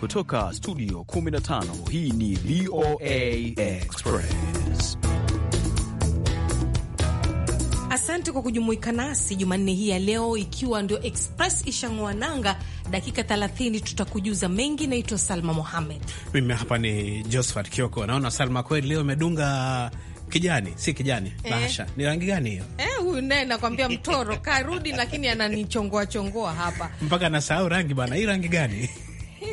Kutoka studio 15 hii ni VOA Express. Asante kwa kujumuika nasi Jumanne hii ya leo, ikiwa ndio Express ishang'oa nanga. Dakika 30 tutakujuza mengi. Naitwa Salma Mohamed, mimi hapa ni Josephat Kioko. Naona Salma kweli leo imedunga kijani, si kijani eh? Bahasha ni rangi gani hiyo? Eh, huyu naye nakwambia mtoro karudi, lakini ananichongoa chongoa hapa mpaka nasahau rangi bana, hii rangi gani?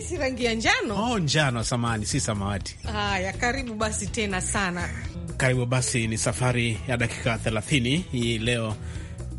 si rangi ya njano? Oh, njano, samani, si samawati. Haya, karibu basi tena sana. Karibu basi, ni safari ya dakika 30 hii leo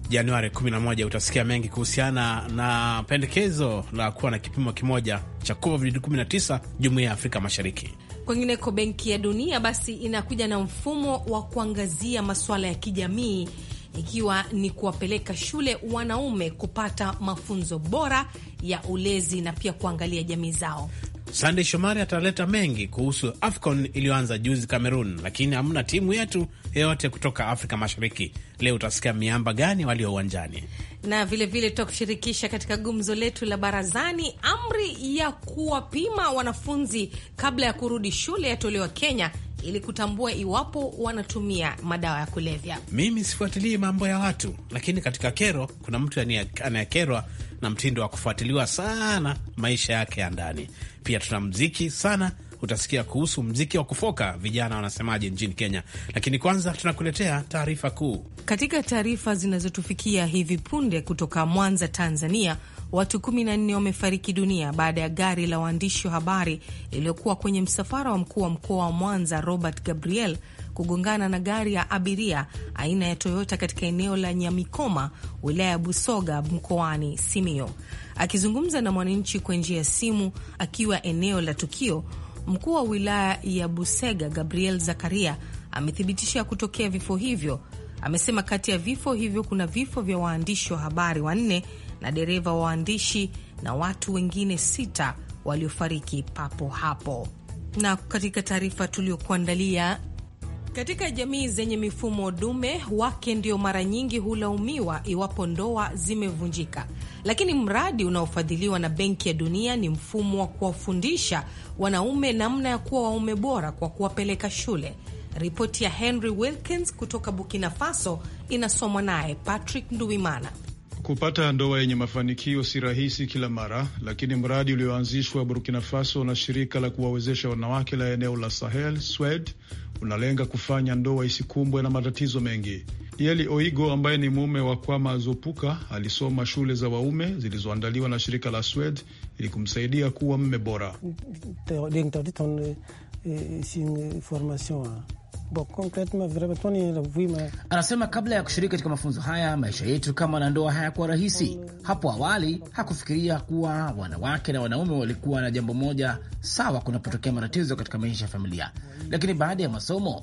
Januari 11. Utasikia mengi kuhusiana na pendekezo la kuwa na kipimo kimoja cha COVID-19 jumuiya ya Afrika Mashariki. Kwengineko, Benki ya Dunia basi inakuja na mfumo wa kuangazia masuala ya kijamii ikiwa ni kuwapeleka shule wanaume kupata mafunzo bora ya ulezi na pia kuangalia jamii zao. Sandey Shomari ataleta mengi kuhusu AFCON iliyoanza juzi Cameroon, lakini hamna timu yetu yoyote kutoka Afrika Mashariki. Leo utasikia miamba gani walio uwanjani, na vilevile tutakushirikisha katika gumzo letu la barazani. Amri ya kuwapima wanafunzi kabla ya kurudi shule yatolewa Kenya ili kutambua iwapo wanatumia madawa ya kulevya. Mimi sifuatilii mambo ya watu, lakini katika kero kuna mtu anayekerwa na mtindo wa kufuatiliwa sana maisha yake ya ndani. Pia tuna mziki sana utasikia kuhusu mziki wa kufoka, vijana wanasemaje nchini Kenya. Lakini kwanza tunakuletea taarifa kuu katika taarifa zinazotufikia hivi punde kutoka Mwanza, Tanzania watu 14 wamefariki dunia baada ya gari la waandishi wa habari lililokuwa kwenye msafara wa mkuu wa mkoa wa Mwanza Robert Gabriel kugongana na gari ya abiria aina ya Toyota katika eneo la Nyamikoma, wilaya ya Busoga, mkoani simio Akizungumza na mwananchi kwa njia ya simu akiwa eneo la tukio, mkuu wa wilaya ya Busega Gabriel Zakaria amethibitisha kutokea vifo hivyo. Amesema kati ya vifo hivyo kuna vifo vya waandishi wa habari wanne na dereva wa waandishi na watu wengine sita waliofariki papo hapo. Na katika taarifa tuliyokuandalia katika jamii zenye mifumo dume, wake ndio mara nyingi hulaumiwa iwapo ndoa zimevunjika, lakini mradi unaofadhiliwa na Benki ya Dunia ni mfumo wa kuwafundisha wanaume namna ya kuwa waume bora kwa kuwapeleka shule. Ripoti ya Henry Wilkins kutoka Burkina Faso inasomwa naye Patrick Nduwimana. Kupata ndoa yenye mafanikio si rahisi kila mara, lakini mradi ulioanzishwa Burkina Faso na shirika la kuwawezesha wanawake la eneo la Sahel SWED unalenga kufanya ndoa isikumbwe na matatizo mengi. Yeli Oigo ambaye ni mume wa Kwama Zopuka alisoma shule za waume zilizoandaliwa na shirika la SWED ili kumsaidia kuwa mme bora formation anasema kabla ya kushiriki katika mafunzo haya, maisha yetu kama wanandoa hayakuwa rahisi. Hapo awali hakufikiria kuwa wanawake na wanaume walikuwa na jambo moja sawa kunapotokea matatizo katika maisha ya familia, lakini baada ya masomo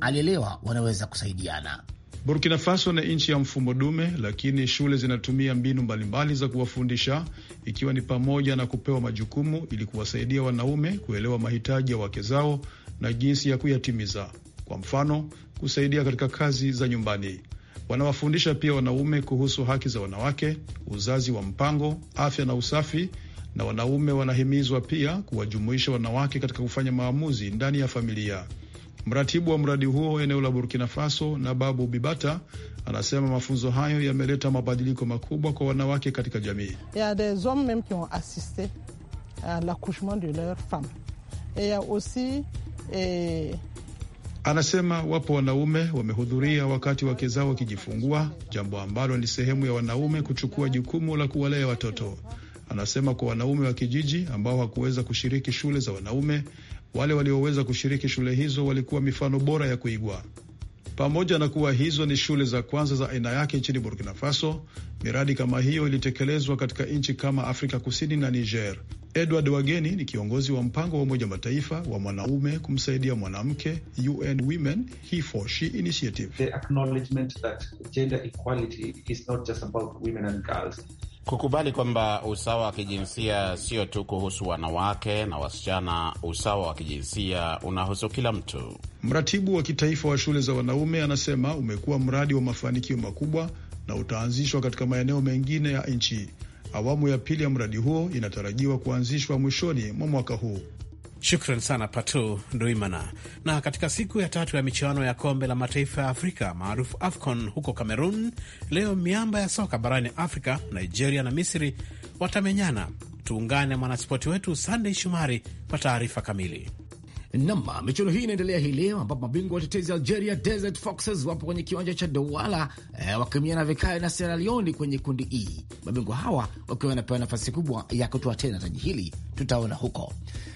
alielewa wanaweza kusaidiana. Burkina Faso ni nchi ya mfumo dume, lakini shule zinatumia mbinu mbalimbali za kuwafundisha, ikiwa ni pamoja na kupewa majukumu ili kuwasaidia wanaume kuelewa mahitaji ya wake zao na jinsi ya kuyatimiza, kwa mfano kusaidia katika kazi za nyumbani. Wanawafundisha pia wanaume kuhusu haki za wanawake, uzazi wa mpango, afya na usafi, na wanaume wanahimizwa pia kuwajumuisha wanawake katika kufanya maamuzi ndani ya familia. Mratibu wa mradi huo eneo la Burkina Faso, Nababu Bibata, anasema mafunzo hayo yameleta mabadiliko makubwa kwa wanawake katika jamii. Anasema wapo wanaume wamehudhuria wakati wake zao wakijifungua, jambo ambalo ni sehemu ya wanaume kuchukua jukumu la kuwalea watoto. Anasema kwa wanaume wa kijiji ambao hakuweza kushiriki shule za wanaume wale walioweza kushiriki shule hizo walikuwa mifano bora ya kuigwa. Pamoja na kuwa hizo ni shule za kwanza za aina yake nchini Burkina Faso, miradi kama hiyo ilitekelezwa katika nchi kama Afrika Kusini na Niger. Edward Wageni ni kiongozi wa mpango wa Umoja Mataifa wa mwanaume kumsaidia mwanamke, UN Women He for She Initiative. The acknowledgement that gender equality is not just about women and girls kukubali kwamba usawa wa kijinsia sio tu kuhusu wanawake na wasichana. Usawa wa kijinsia unahusu kila mtu. Mratibu wa kitaifa wa shule za wanaume anasema umekuwa mradi wa mafanikio makubwa na utaanzishwa katika maeneo mengine ya nchi. Awamu ya pili ya mradi huo inatarajiwa kuanzishwa mwishoni mwa mwaka huu. Shukran sana Patu Nduimana. Na katika siku ya tatu ya michuano ya kombe la mataifa ya Afrika maarufu AFCON huko Cameroon, leo miamba ya soka barani Afrika, Nigeria na Misri watamenyana. Tuungane mwanaspoti wetu Sandey Shumari kwa taarifa kamili. Nam, michuano hii inaendelea hii leo ambapo mabingwa watetezi Algeria Desert Foxes wapo kwenye kiwanja cha Douala eh, wakimiana vikali na Sierra Leone kwenye kundi E, mabingwa hawa wakiwa wanapewa nafasi kubwa ya kutoa tena taji hili, tutaona huko.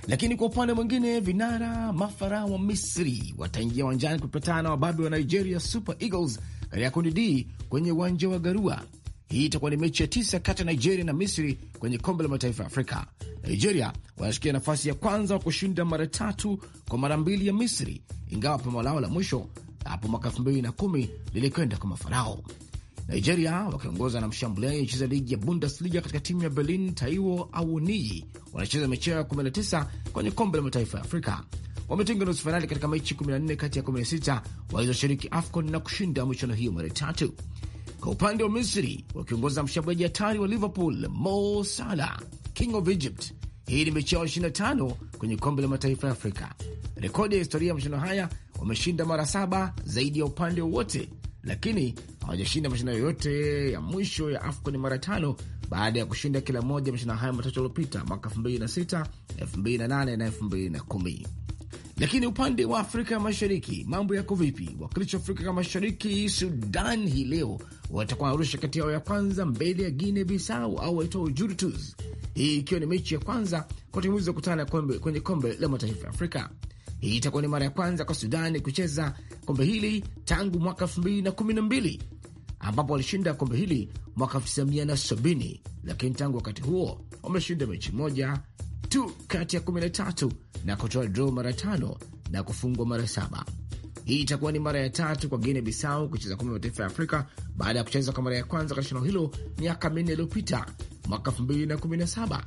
Lakini kwa upande mwingine, vinara mafara wa Misri wataingia uwanjani kupatana na wababe wa Nigeria Super Eagles katika kundi D kwenye uwanja wa Garua. Hii itakuwa ni mechi ya tisa kati ya Nigeria na Misri kwenye kombe la mataifa ya Afrika. Nigeria wanashikia nafasi ya kwanza wa kushinda mara tatu kwa mara mbili ya Misri, ingawa pambano lao la mwisho hapo mwaka 2010 lilikwenda kwa mafarao. Nigeria wakiongoza na mshambuliaji cheza ligi ya Bundesliga katika timu ya Berlin, Taiwo Awoniyi, wanacheza mechi yao ya 19 kwenye kombe la mataifa ya Afrika. Wametinga nusu fainali katika mechi 14 kati ya 16 walizoshiriki AFCON na kushinda michuano hiyo mara tatu. Kwa upande wa Misri wakiongoza mshambuliaji hatari wa Liverpool, Mo Salah King of Egypt. Hii ni mechi yao 25 kwenye kombe la mataifa ya Afrika. Rekodi ya historia ya mashindano haya, wameshinda mara saba zaidi ya upande wowote, lakini hawajashinda mashindano yoyote ya mwisho ya AFCON mara tano baada ya kushinda kila moja mashindano haya matatu yaliyopita mwaka 2006, 2008 na 2010. Lakini upande wa Afrika Mashariki mambo yako vipi? Wakilishi wa Afrika Mashariki Sudan hii leo watakuwa Arusha kati yao ya kwanza mbele ya Guinea Bissau au waitwa Juventus hii ikiwa ni mechi ya kwanza kwa timu hizo kukutana kwenye kombe la mataifa ya Afrika. Hii itakuwa ni mara ya kwanza kwa Sudani kucheza kombe hili tangu mwaka mbili ambapo walishinda kombe hili mwaka sabini lakini tangu wakati huo wameshinda mechi moja tu kati ya 13 na kutoa draw mara tano na kufungwa mara saba. Hii itakuwa ni mara ya tatu kwa Guinea Bissau kucheza kombe mataifa ya Afrika baada ya kucheza kwa mara ya kwanza katika shindano hilo miaka minne iliyopita mwaka 2017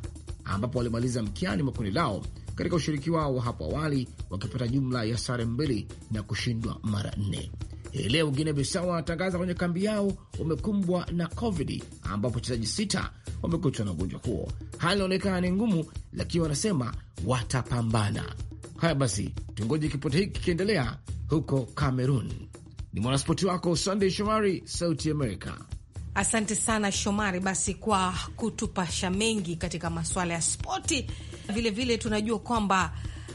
ambapo walimaliza mkiani mwa kundi lao katika ushiriki wao wa hapo awali wakipata jumla ya sare mbili na kushindwa mara nne. Hii leo Guinea Bissau wanatangaza kwenye kambi yao wamekumbwa na COVID, ambapo wachezaji sita wamekutwa na ugonjwa huo. Hali inaonekana ni ngumu, lakini wanasema watapambana. Haya basi, tungoje kipote hiki kikiendelea huko Cameroon. Ni mwanaspoti wako Sunday Shomari, Sauti America. Asante sana Shomari, basi kwa kutupasha mengi katika masuala ya spoti. Vilevile vile tunajua kwamba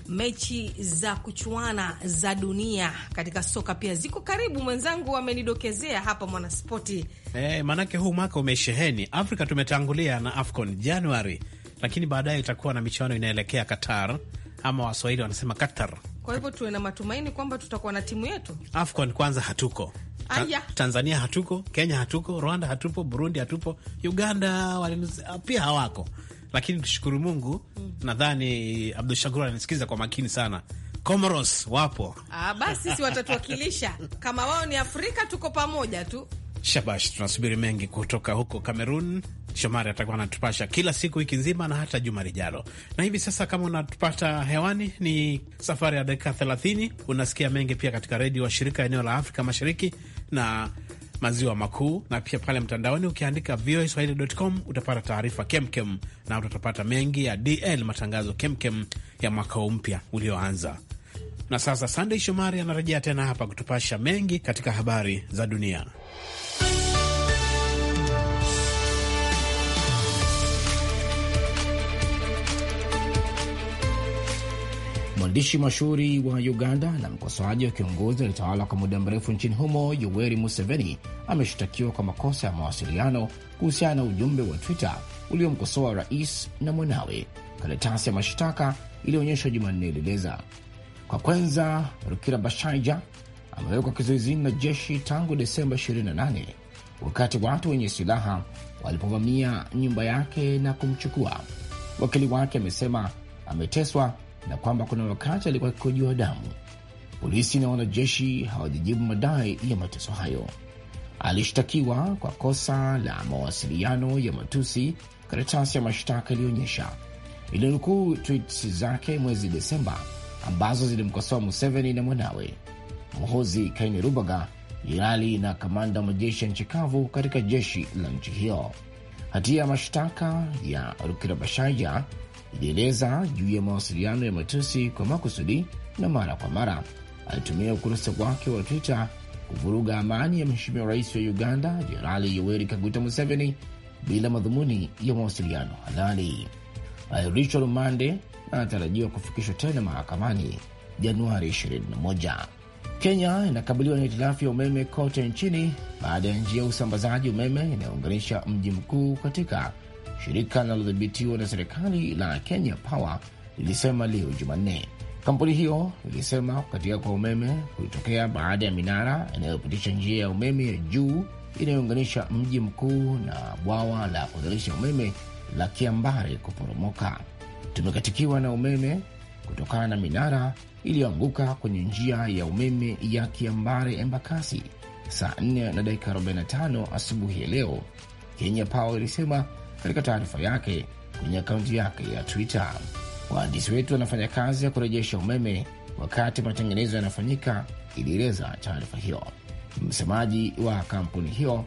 mechi za kuchuana za dunia katika soka pia ziko karibu. Mwenzangu amenidokezea hapa mwanaspoti Hey, eh, maanake huu mwaka umesheheni. Afrika tumetangulia na AFCON Januari, lakini baadaye itakuwa na michuano inaelekea Qatar ama Waswahili wanasema katar. Kwa hivyo tuwe na matumaini kwamba tutakuwa na timu yetu AFCON. Kwanza hatuko Aya. Tanzania hatuko, Kenya hatuko, Rwanda hatupo, Burundi hatupo, Uganda ah, pia hawako, lakini tushukuru Mungu. mm. Nadhani Abdu Shakur anasikiza kwa makini sana. Comoros wapo. Ah, basi sisi watatuwakilisha kama wao ni Afrika, tuko pamoja tu. Shabash, tunasubiri mengi kutoka huko Kamerun. Shomari atakuwa anatupasha kila siku wiki nzima na hata juma lijalo. Na hivi sasa, kama unatupata hewani, ni safari ya dakika thelathini. Unasikia mengi pia katika redio wa shirika eneo la Afrika Mashariki na maziwa makuu, na pia pale mtandaoni ukiandika voaswahili.com utapata taarifa kemkem, na utapata mengi ya DL matangazo kemkem ya mwaka mpya ulioanza. Na sasa Sandey Shomari anarejea tena hapa kutupasha mengi katika habari za dunia. Mwandishi mashuhuri wa Uganda na mkosoaji wa kiongozi alitawala kwa muda mrefu nchini humo Yoweri Museveni ameshtakiwa kwa makosa ya mawasiliano kuhusiana na ujumbe wa Twitter uliomkosoa rais na mwanawe. Karatasi ya mashtaka iliyoonyeshwa Jumanne ilieleza kwa kwanza, Rukira Bashaija amewekwa kizuizini na jeshi tangu Desemba 28 wakati watu wenye silaha walipovamia nyumba yake na kumchukua. Wakili wake amesema ameteswa na kwamba kuna wakati alikuwa akikojoa damu. Polisi na wanajeshi hawajajibu madai ya mateso hayo. Alishtakiwa kwa kosa la mawasiliano ya matusi, karatasi ya mashtaka ilionyesha ilinukuu tweets zake mwezi Desemba ambazo zilimkosoa Museveni na mwanawe. Muhozi Kainerubaga, jenerali na kamanda wa majeshi ya nchi kavu katika jeshi la nchi hiyo. Hatia ya mashtaka ya Rukirabashaya ilieleza juu ya mawasiliano ya matusi kwa makusudi na mara kwa mara. Alitumia ukurasa wake wa Twitter kuvuruga amani ya mheshimiwa rais wa Uganda Jenerali Yoweri Kaguta Museveni bila madhumuni ya mawasiliano halali. Richard Mande anatarajiwa kufikishwa tena mahakamani Januari 21. Kenya inakabiliwa na hitilafu ya umeme kote nchini baada ya njia ya usambazaji umeme inayounganisha mji mkuu katika Shirika linalodhibitiwa na serikali la Kenya Power lilisema leo Jumanne kampuni hiyo ilisema kukatika kwa umeme kulitokea baada ya minara inayopitisha njia ya umeme ya juu inayounganisha mji mkuu na bwawa la kuzalisha umeme la Kiambare kuporomoka. Tumekatikiwa na umeme kutokana na minara iliyoanguka kwenye njia ya umeme ya Kiambare Embakasi saa 4 na dakika 45 asubuhi ya leo, Kenya Power ilisema katika taarifa yake kwenye akaunti yake ya Twitter. Wahandisi wetu wanafanya kazi ya kurejesha umeme wakati matengenezo yanafanyika, ilieleza taarifa hiyo. Msemaji wa kampuni hiyo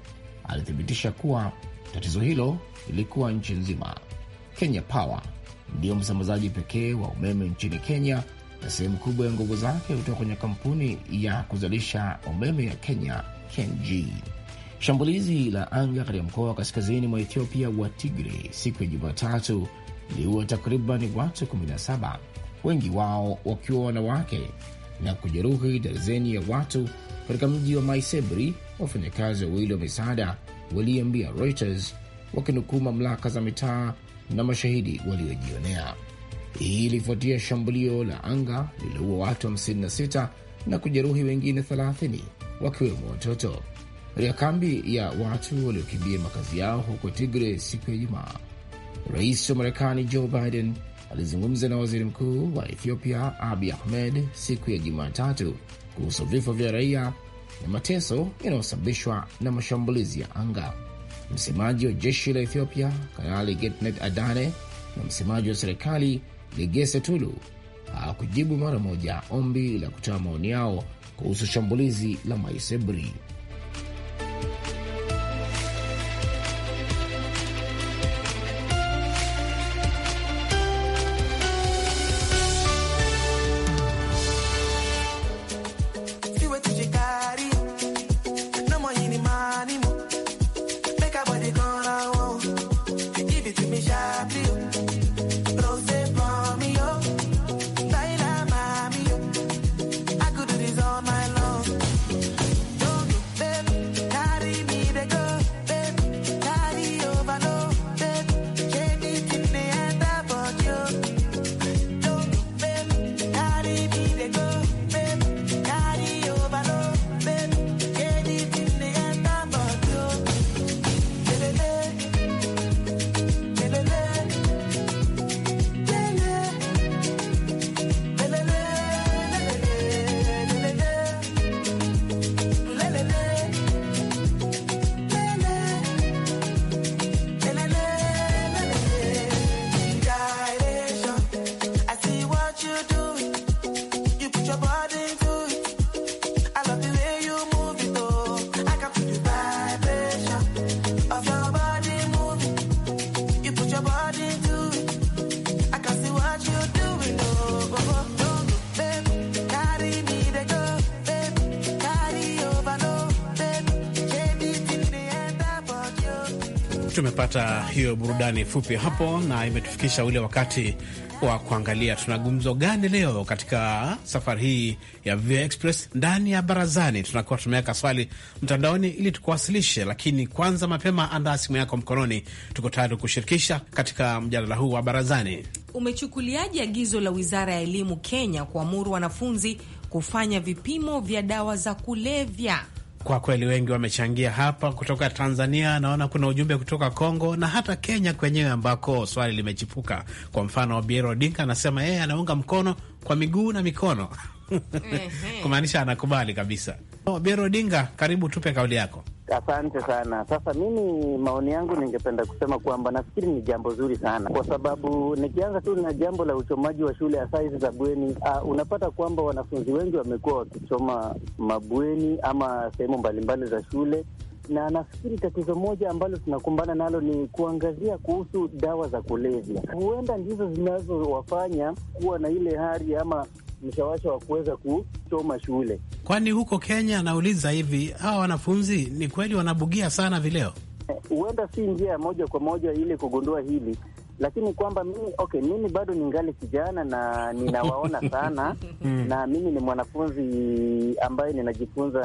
alithibitisha kuwa tatizo hilo lilikuwa nchi nzima. Kenya Power ndiyo msambazaji pekee wa umeme nchini Kenya, na sehemu kubwa ya nguvu zake hutoka kwenye kampuni ya kuzalisha umeme ya Kenya, KenGen. Shambulizi la anga katika mkoa wa kaskazini mwa Ethiopia wa Tigray siku ya Jumatatu liua takriban watu 17, wengi wao wakiwa wanawake na kujeruhi darzeni ya watu katika mji wa Maisebri. Wafanyakazi wawili wa misaada waliambia Reuters wakinukuu mamlaka za mitaa na mashahidi waliojionea. Hii ilifuatia shambulio la anga lililoua watu 56 na kujeruhi wengine 30 wakiwemo watoto katika kambi ya watu waliokimbia makazi yao huko Tigre siku ya Ijumaa. Rais wa Marekani Joe Biden alizungumza na waziri mkuu wa Ethiopia Abi Ahmed siku ya Jumatatu kuhusu vifo vya raia na mateso yanayosababishwa na mashambulizi ya anga. Msemaji wa jeshi la Ethiopia Kanali Getnet Adane na msemaji wa serikali Legese Tulu hawakujibu mara moja ombi la kutoa maoni yao kuhusu shambulizi la Maisebri. Tulipata hiyo burudani fupi hapo, na imetufikisha ule wakati wa kuangalia tuna gumzo gani leo katika safari hii ya VOA Express. Ndani ya barazani, tunakuwa tumeweka swali mtandaoni ili tukuwasilishe, lakini kwanza, mapema andaa simu yako mkononi, tuko tayari kushirikisha katika mjadala huu wa barazani. Umechukuliaje agizo la wizara ya elimu Kenya kuamuru wanafunzi kufanya vipimo vya dawa za kulevya kwa kweli wengi wamechangia hapa. Kutoka Tanzania naona kuna ujumbe kutoka Kongo na hata Kenya kwenyewe ambako swali limechipuka. Kwa mfano, Biero Odinga anasema yeye anaunga mkono kwa miguu na mikono kumaanisha anakubali kabisa. Biero Odinga, karibu tupe kauli yako. Asante sana. Sasa mimi maoni yangu, ningependa kusema kwamba nafikiri ni jambo zuri sana, kwa sababu nikianza tu na jambo la uchomaji wa shule hasa hizi za bweni, uh, unapata kwamba wanafunzi wengi wamekuwa wakichoma mabweni ama sehemu mbalimbali za shule na nafikiri tatizo moja ambalo tunakumbana nalo ni kuangazia kuhusu dawa za kulevya. Huenda ndizo zinazowafanya kuwa na ile hari ama mshawasha wa kuweza kuchoma shule. Kwani huko Kenya, anauliza hivi, hawa wanafunzi ni kweli wanabugia sana vileo? Eh, huenda si njia ya moja kwa moja ile kugundua hili, lakini kwamba mimi okay, mimi bado ningali kijana na ninawaona sana hmm. na mimi ni mwanafunzi ambaye ninajifunza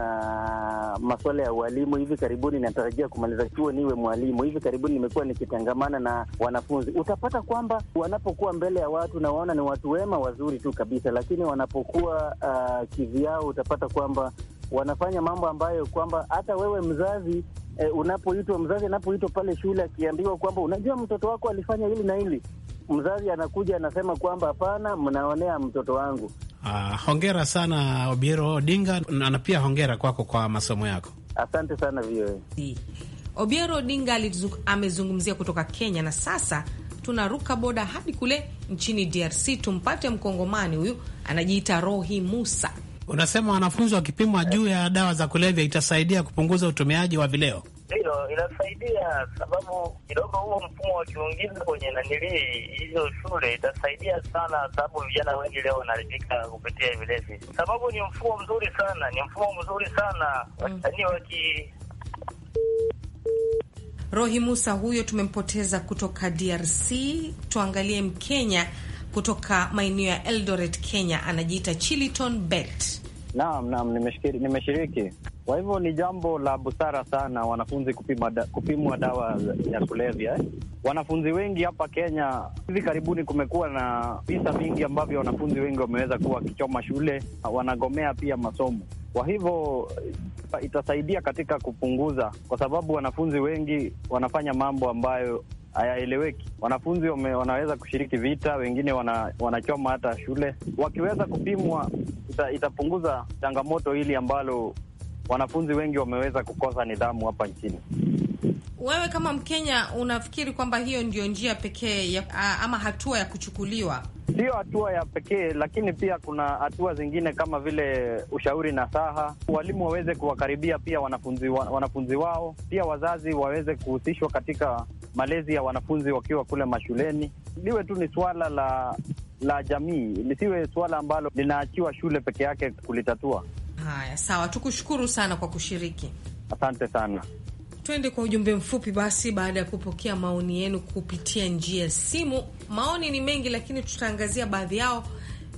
masuala ya ualimu. Hivi karibuni natarajia kumaliza chuo niwe mwalimu. Hivi karibuni nimekuwa nikitangamana na wanafunzi, utapata kwamba wanapokuwa mbele ya watu nawaona ni watu wema wazuri tu kabisa, lakini wanapokuwa uh, kivyao, utapata kwamba wanafanya mambo ambayo kwamba hata wewe mzazi eh, unapoitwa mzazi anapoitwa pale shule akiambiwa kwamba unajua mtoto wako alifanya hili na hili, mzazi anakuja anasema kwamba hapana, mnaonea mtoto wangu. Ah, hongera sana Obiero Odinga na pia hongera kwako kwa masomo yako. Asante sana vioe. Obiero Odinga amezungumzia kutoka Kenya na sasa tunaruka boda hadi kule nchini DRC tumpate mkongomani huyu anajiita Rohi Musa. Unasema wanafunzi wakipimwa juu ya dawa za kulevya itasaidia kupunguza utumiaji wa vileo? Ndio, inasaidia sababu kidogo huo mfumo wakiungiza kwenye nanilii hizo shule itasaidia sana, sababu vijana wengi leo wanaharibika kupitia vilevi. Sababu ni mfumo mzuri sana, ni mfumo mzuri sana mm. wasanii mm. waki Rohi Musa huyo tumempoteza kutoka DRC. Tuangalie Mkenya kutoka maeneo ya Eldoret, Kenya, anajiita Chiliton Bet. Naam, naam, nimeshiriki. Kwa hivyo ni jambo la busara sana wanafunzi kupima da, kupimwa dawa ya kulevya eh? Wanafunzi wengi hapa Kenya, hivi karibuni kumekuwa na visa vingi ambavyo wanafunzi wengi wameweza kuwa wakichoma shule, wanagomea pia masomo. Kwa hivyo itasaidia katika kupunguza, kwa sababu wanafunzi wengi wanafanya mambo ambayo hayaeleweki. Wanafunzi wame, wanaweza kushiriki vita, wengine wana, wanachoma hata shule. Wakiweza kupimwa ita, itapunguza changamoto hili ambalo wanafunzi wengi wameweza kukosa nidhamu hapa nchini. Wewe kama Mkenya unafikiri kwamba hiyo ndio njia pekee ama hatua ya kuchukuliwa? Siyo hatua ya pekee, lakini pia kuna hatua zingine kama vile ushauri na saha, walimu waweze kuwakaribia pia wanafunzi, wa, wanafunzi wao, pia wazazi waweze kuhusishwa katika malezi ya wanafunzi wakiwa kule mashuleni, liwe tu ni suala la la jamii, lisiwe suala ambalo linaachiwa shule peke yake kulitatua. Haya, sawa, tukushukuru sana kwa kushiriki, asante sana. Tuende kwa ujumbe mfupi basi, baada ya kupokea maoni yenu kupitia njia ya simu. Maoni ni mengi, lakini tutaangazia baadhi yao,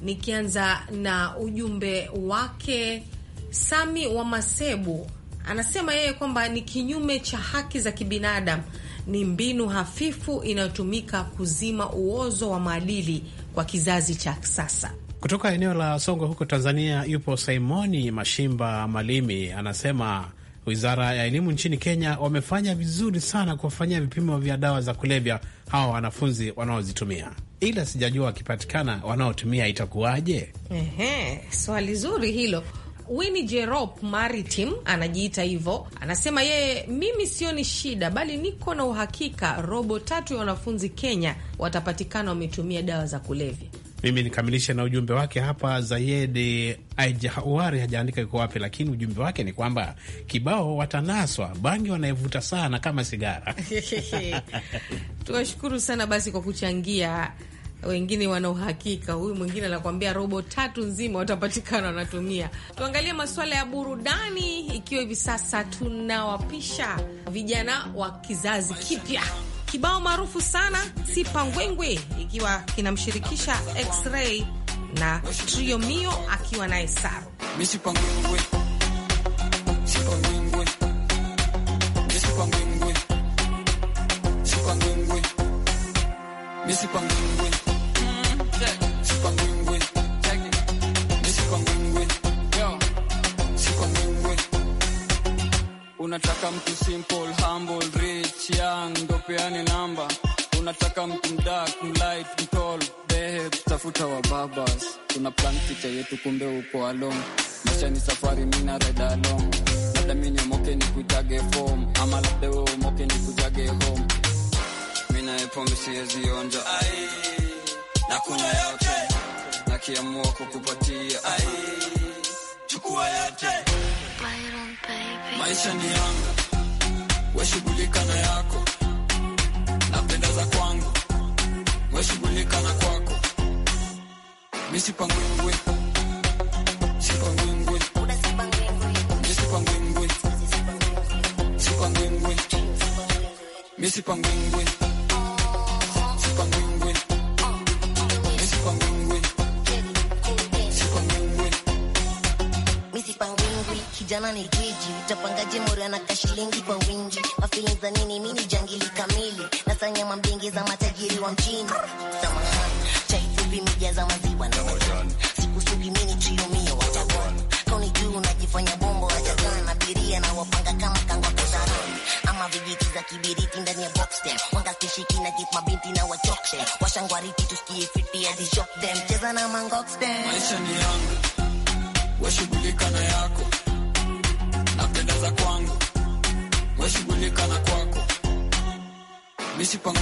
nikianza na ujumbe wake Sami wa Masebu. Anasema yeye kwamba ni kinyume cha haki za kibinadamu ni mbinu hafifu inayotumika kuzima uozo wa maadili kwa kizazi cha sasa. Kutoka eneo la Songwe huko Tanzania, yupo Simoni Mashimba Malimi, anasema Wizara ya Elimu nchini Kenya wamefanya vizuri sana kuwafanyia vipimo vya dawa za kulevya hawa wanafunzi wanaozitumia, ila sijajua wakipatikana wanaotumia itakuwaje? Ehe, swali zuri hilo. Winnie Jerop Maritim anajiita hivyo, anasema yeye, mimi sio ni shida, bali niko na uhakika robo tatu ya wanafunzi Kenya watapatikana wametumia dawa za kulevya. Mimi nikamilishe na ujumbe wake hapa. Zayedi Aijawari hajaandika iko wapi, lakini ujumbe wake ni kwamba kibao watanaswa, bangi wanayevuta sana kama sigara. Tuwashukuru sana basi kwa kuchangia wengine wana uhakika, huyu mwingine anakuambia robo tatu nzima watapatikana wanatumia. Tuangalie masuala ya burudani, ikiwa hivi sasa tunawapisha vijana wa kizazi kipya kibao maarufu sana Sipangwengwe, ikiwa kinamshirikisha X-Ray na Trio Mio akiwa naye Saro. unataka mtu simple, humble, rich, young, dopeane namba. Unataka mtu dark, light, tall, behe, tafuta wa babas. Tuna plan picha yetu, kumbe uko alone. Maisha ni safari, mimi na ride along. Labda mimi nyomoke kujage form, ama labda wewe umoke kujage home. Mimi na pombe siwezi onja, ai, na kunywa yote, na kiamua kukupatia, ai, chukua yote. Byron, baby. Maisha ni yangu weshughulika na yako, napenda za kwangu, weshughulika na kwako, misipangwingwi sipangwingwi misipangwingwi sipangwingwi misipangwingwi kijana ni jiji utapangaje mori anaka kashilingi kwa wingi, mafilinza nini? Mimi jangili kamili, nasanyama mambingi za matajiri wa mjini, samahani chaitubi za maziwa na wajani, sikusugi mini triumio watakana kauni juu unajifanya bombo wajakana, abiria na wapanga kama kangwa kosarani ama vijiti za kibiriti ndani ya box them, wanga kishiki na kipa mabinti na wachokshe washangwariti, tusikie fiti ya as shock them, cheza na mangox them, maisha ni yangu washughulika na yako tipo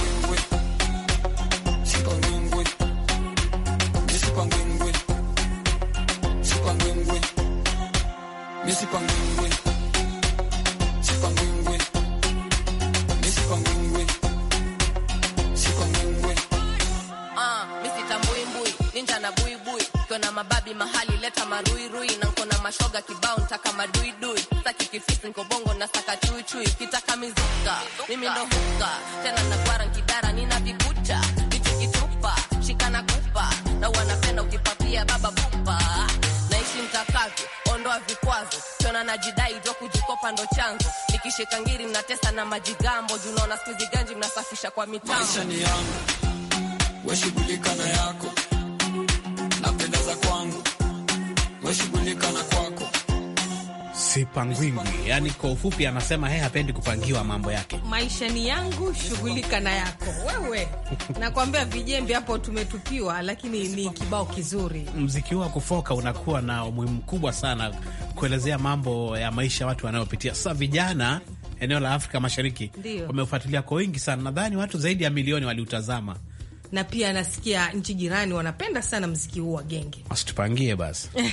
wanajidai jua kujikopa ndo chanzo, nikishika ngiri mnatesa na majigambo, juu naona siku hizi ganji mnasafisha kwa mitambo. Maisha ni yangu, we shughulika na yako, napendeza kwangu, we shughulika na kwangu Sipangwingwi, yani kwa ufupi anasema yeye hapendi kupangiwa mambo yake. Maisha ni yangu, shughulika na yako wewe. Nakwambia vijembe hapo tumetupiwa, lakini ni kibao kizuri. Mziki huu wa kufoka unakuwa na umuhimu mkubwa sana kuelezea mambo ya maisha watu wanayopitia sasa vijana eneo la Afrika Mashariki wameufuatilia kwa wingi sana, nadhani watu zaidi ya milioni waliutazama na pia nasikia nchi jirani wanapenda sana mziki huu wa genge. Wasitupangie basi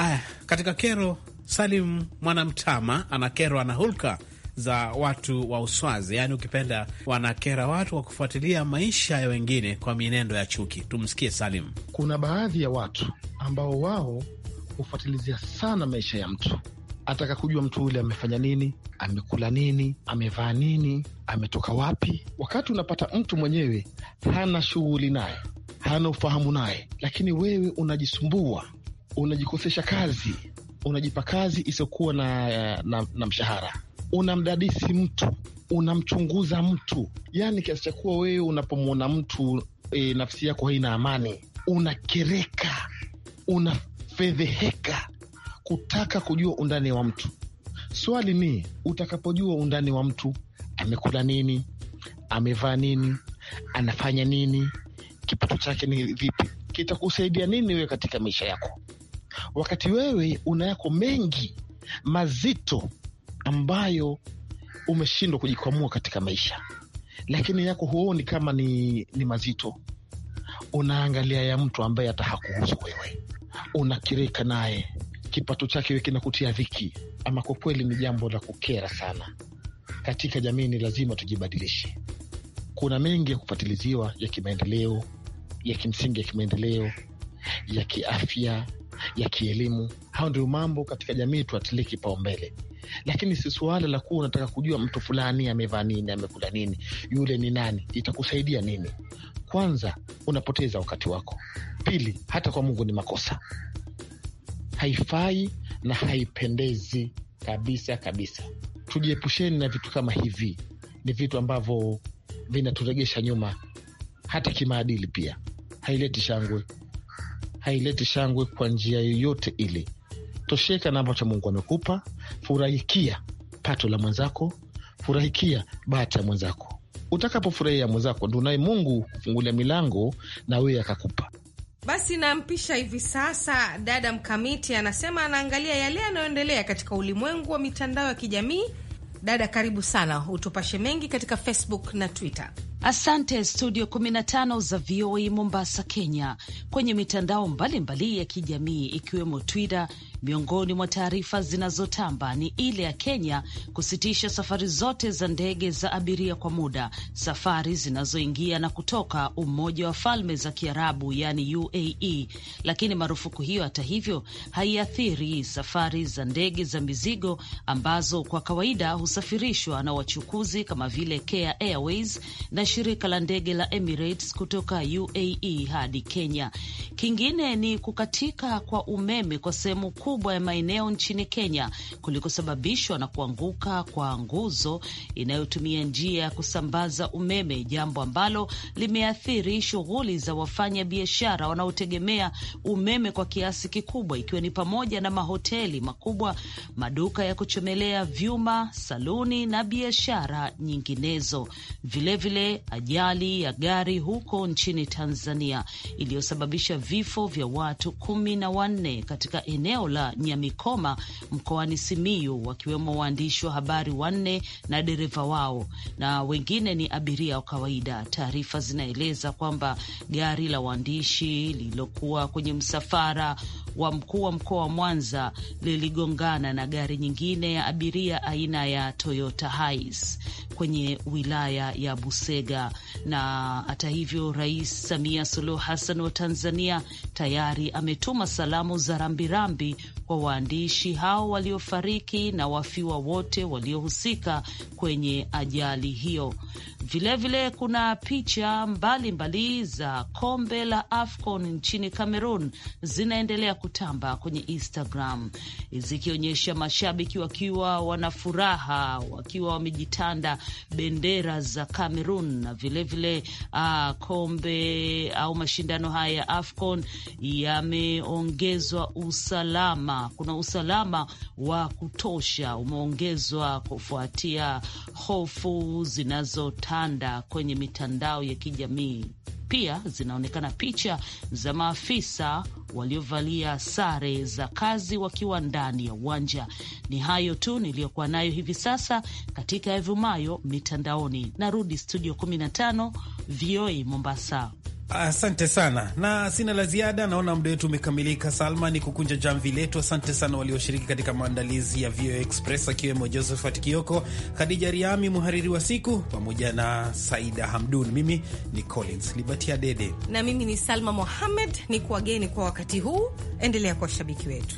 Aya, katika kero, Salim Mwanamtama anakerwa na hulka za watu wa uswazi, yaani ukipenda wanakera watu wa kufuatilia maisha ya wengine kwa mienendo ya chuki. Tumsikie Salim. Kuna baadhi ya watu ambao wao hufuatilizia sana maisha ya mtu, ataka kujua mtu yule amefanya nini, amekula nini, amevaa nini, ametoka wapi, wakati unapata mtu mwenyewe hana shughuli naye, hana ufahamu naye, lakini wewe unajisumbua unajikosesha kazi, unajipa kazi isiyokuwa na, na, na mshahara, unamdadisi mtu, unamchunguza mtu, yaani kiasi cha kuwa wewe unapomwona mtu e, nafsi yako haina amani, unakereka, unafedheheka kutaka kujua undani wa mtu. Swali ni utakapojua undani wa mtu, amekula nini, amevaa nini, anafanya nini, kipato chake ni vipi, kitakusaidia nini wewe katika maisha yako? wakati wewe una yako mengi mazito ambayo umeshindwa kujikwamua katika maisha, lakini yako huoni kama ni, ni mazito. Unaangalia ya mtu ambaye hata hakuhusu wewe, unakirika naye, kipato chake kinakutia dhiki. Ama kwa kweli ni jambo la kukera sana. Katika jamii ni lazima tujibadilishe. Kuna mengi ya kufatiliziwa ya kimaendeleo, ya kimsingi ya kimaendeleo, ya kiafya ya kielimu. Hayo ndio mambo katika jamii tuatilie kipaumbele, lakini si suala la kuwa unataka kujua mtu fulani amevaa nini, amekula nini, yule ni nani, itakusaidia nini? Kwanza unapoteza wakati wako, pili hata kwa Mungu ni makosa, haifai na haipendezi kabisa kabisa. Tujiepusheni na vitu kama hivi, ni vitu ambavyo vinaturegesha nyuma hata kimaadili, pia haileti shangwe haileti shangwe kwa njia yoyote ile. Tosheka na ambacho Mungu amekupa, furahikia pato la mwenzako, furahikia bahati ya mwenzako. Utakapofurahia mwenzako, ndo naye Mungu kufungulia milango na wewe akakupa. Basi nampisha hivi sasa dada Mkamiti, anasema anaangalia yale yanayoendelea katika ulimwengu wa mitandao ya kijamii. Dada, karibu sana, utupashe mengi katika Facebook na Twitter. Asante studio 15 za VOA Mombasa, Kenya, kwenye mitandao mbalimbali mbali ya kijamii ikiwemo Twitter Miongoni mwa taarifa zinazotamba ni ile ya Kenya kusitisha safari zote za ndege za abiria kwa muda, safari zinazoingia na kutoka Umoja wa Falme za Kiarabu yani UAE. Lakini marufuku hiyo, hata hivyo, haiathiri safari za ndege za mizigo ambazo kwa kawaida husafirishwa na wachukuzi kama vile Kenya Airways na shirika la ndege la Emirates kutoka UAE hadi Kenya. Kingine ni kukatika kwa umeme kwa sehemu makubwa ya maeneo nchini Kenya kulikosababishwa na kuanguka kwa nguzo inayotumia njia ya kusambaza umeme, jambo ambalo limeathiri shughuli za wafanya biashara wanaotegemea umeme kwa kiasi kikubwa, ikiwa ni pamoja na mahoteli makubwa, maduka ya kuchomelea vyuma, saluni na biashara nyinginezo. Vilevile vile, ajali ya gari huko nchini Tanzania iliyosababisha vifo vya watu kumi na wanne katika eneo la la Nyamikoma mkoani Simiyu, wakiwemo waandishi wa habari wanne na dereva wao na wengine ni abiria wa kawaida. Taarifa zinaeleza kwamba gari la waandishi lililokuwa kwenye msafara wa mkuu wa mkoa wa Mwanza liligongana na gari nyingine ya abiria aina ya Toyota Hiace kwenye wilaya ya Busega. Na hata hivyo, Rais Samia Suluhu Hassan wa Tanzania tayari ametuma salamu za rambirambi kwa waandishi hao waliofariki na wafiwa wote waliohusika kwenye ajali hiyo. Vilevile vile kuna picha mbalimbali mbali za kombe la AFCON nchini Cameroon zinaendelea kutamba kwenye Instagram zikionyesha mashabiki wakiwa wana furaha wakiwa wamejitanda bendera za Cameroon na vilevile vile, uh, kombe au mashindano haya ya AFCON yameongezwa usalama. Kuna usalama wa kutosha umeongezwa kufuatia hofu zinazo kutanda kwenye mitandao ya kijamii. Pia zinaonekana picha za maafisa waliovalia sare za kazi wakiwa ndani ya uwanja. Ni hayo tu niliyokuwa nayo hivi sasa katika yavumayo mitandaoni. Narudi studio 15 VOA Mombasa. Asante sana na sina la ziada. Naona muda wetu umekamilika. Salma, ni kukunja jamvi letu. Asante sana walioshiriki katika maandalizi ya VOA Express, akiwemo Josephat Kioko, Khadija Riami, mhariri wa siku, pamoja na Saida Hamdun. Mimi ni Collins Libatia Dede na mimi ni Salma Mohamed, ni kuwageni kwa wakati huu. Endelea kwa washabiki wetu.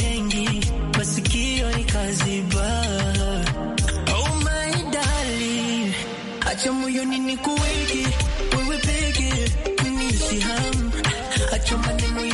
wengi, masikio ikaziba. Oh my darling, acha moyoni nikuweke wewe peke, niishi acha maneno